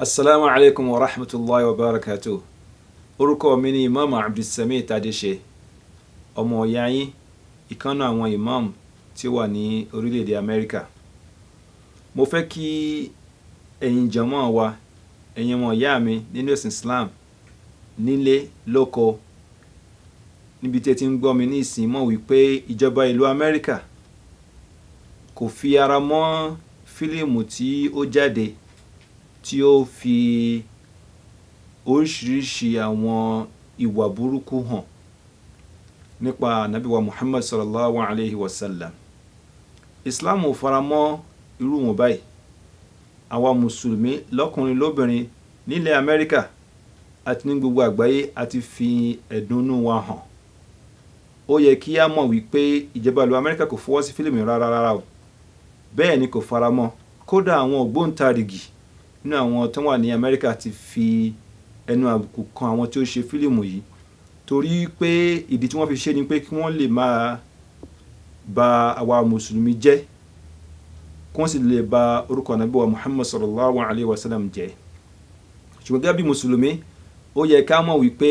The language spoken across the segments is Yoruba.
asalaamu alaykum wa rahmatulahi wa barakatu orúkọ mi ni imam abdulsami tadese ọmọ ọ̀yá yín ìkànnà àwọn imam tí ó wà ní orílẹ̀-èdè amẹ́ríkà mo fẹ́ kí ẹ̀yin jọmọ́ wa ẹ̀yin ọmọ ìyá mi nínú ẹ̀sìn islam nílé lóko níbi tí ẹ ti ń gbọ́ mi ní ìsìn mọ̀ wípé ìjọba ìlú amẹ́ríkà kò fi ara mọ́ fílíìmù tí ó jáde tí ó fi oríṣiríṣi àwọn ìwà burúkú hàn nípa ànábì wa Muhammad sallallahu alayhi wa sallam Islam ò faramọ́ irú wọn báyìí àwa mùsùlùmí lọ́kùnrin lóbìnrin nílẹ̀ Amẹ́ríkà àti ní gbogbo àgbáyé a ti fi ẹ̀dùnnú wa hàn ó yẹ kí a mọ̀ wípé ìjọba ìlú Amẹ́ríkà kò fọwọ́ sí fílímù rárá rárá o bẹ́ẹ̀ ni kò faramọ́ kódà àwọn ògbóǹtarìgì nínú àwọn tó wà ní Amẹ́ríkà ti fi ẹnu àbùkù kan àwọn tí ó ṣe fílìmù yìí torí pé ìdí tí wọ́n fi ṣe ni pé kí wọ́n lè máa bà àwa mùsùlùmí jẹ́ kí wọ́n sì lè bà orúkọ ànábì wa Muhammad sallallahu alayhi wa sallam jẹ́ ṣùgbọ́n gẹ́gẹ́ bí mùsùlùmí ó yẹ ká mọ̀ wípé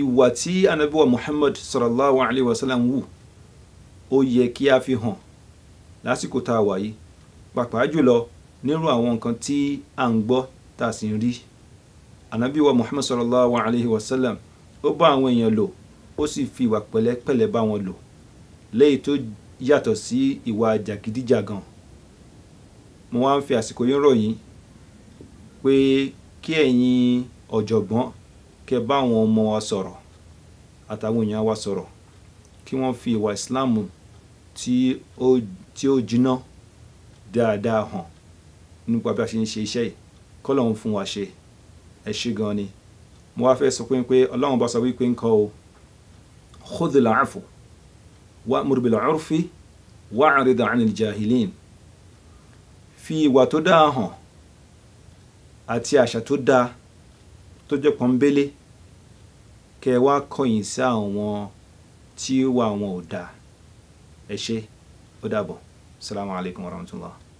ìwà tí ànábì wa Muhammad sallallahu alayhi wa sallam wù ó yẹ kí a fi hàn lásìkò tá a wà yìí pàápàá jùlọ nírú àwọn nǹkan tí à ń gbọ́ tá a sì ń rí ànábì wa muhammad sallallahu alayhi wa sallam ó bá àwọn èèyàn lò ó sì fi ìwà pẹ̀lẹ́pẹ̀lẹ́ bá wọn lò léyìí tó yàtọ̀ sí ìwà jàgídíjàgan mo wá ń fi àsìkò yín rọ̀ yín pé kí ẹ̀yin ọ̀jọ̀gbọ́n kẹ bá àwọn ọmọ wa sọ̀rọ̀ àtàwọn èèyàn wa sọ̀rọ̀ kí wọ́n fi ìwà ìsìláàmù tí ó jiná dáadáa hàn nípa bí a ṣe ń ṣe iṣẹ́ yìí kọ́lọ́hún fún wa ṣe ẹ ṣe gan ni mo wá fẹ́ sọ pé pé ọlọ́run bá sọ wípé nǹkan o khudhil afu wa'mur bil urfi wa'rid 'anil jahilin fi ìwà tó dáa hàn àti àṣà tó dáa tó jẹ́ pọ́nbélé kẹ wá kọ̀yìn sí àwọn tí wà wọn ò dáa ẹ ṣe ó dàbọ̀ salamu wa rahmatullah.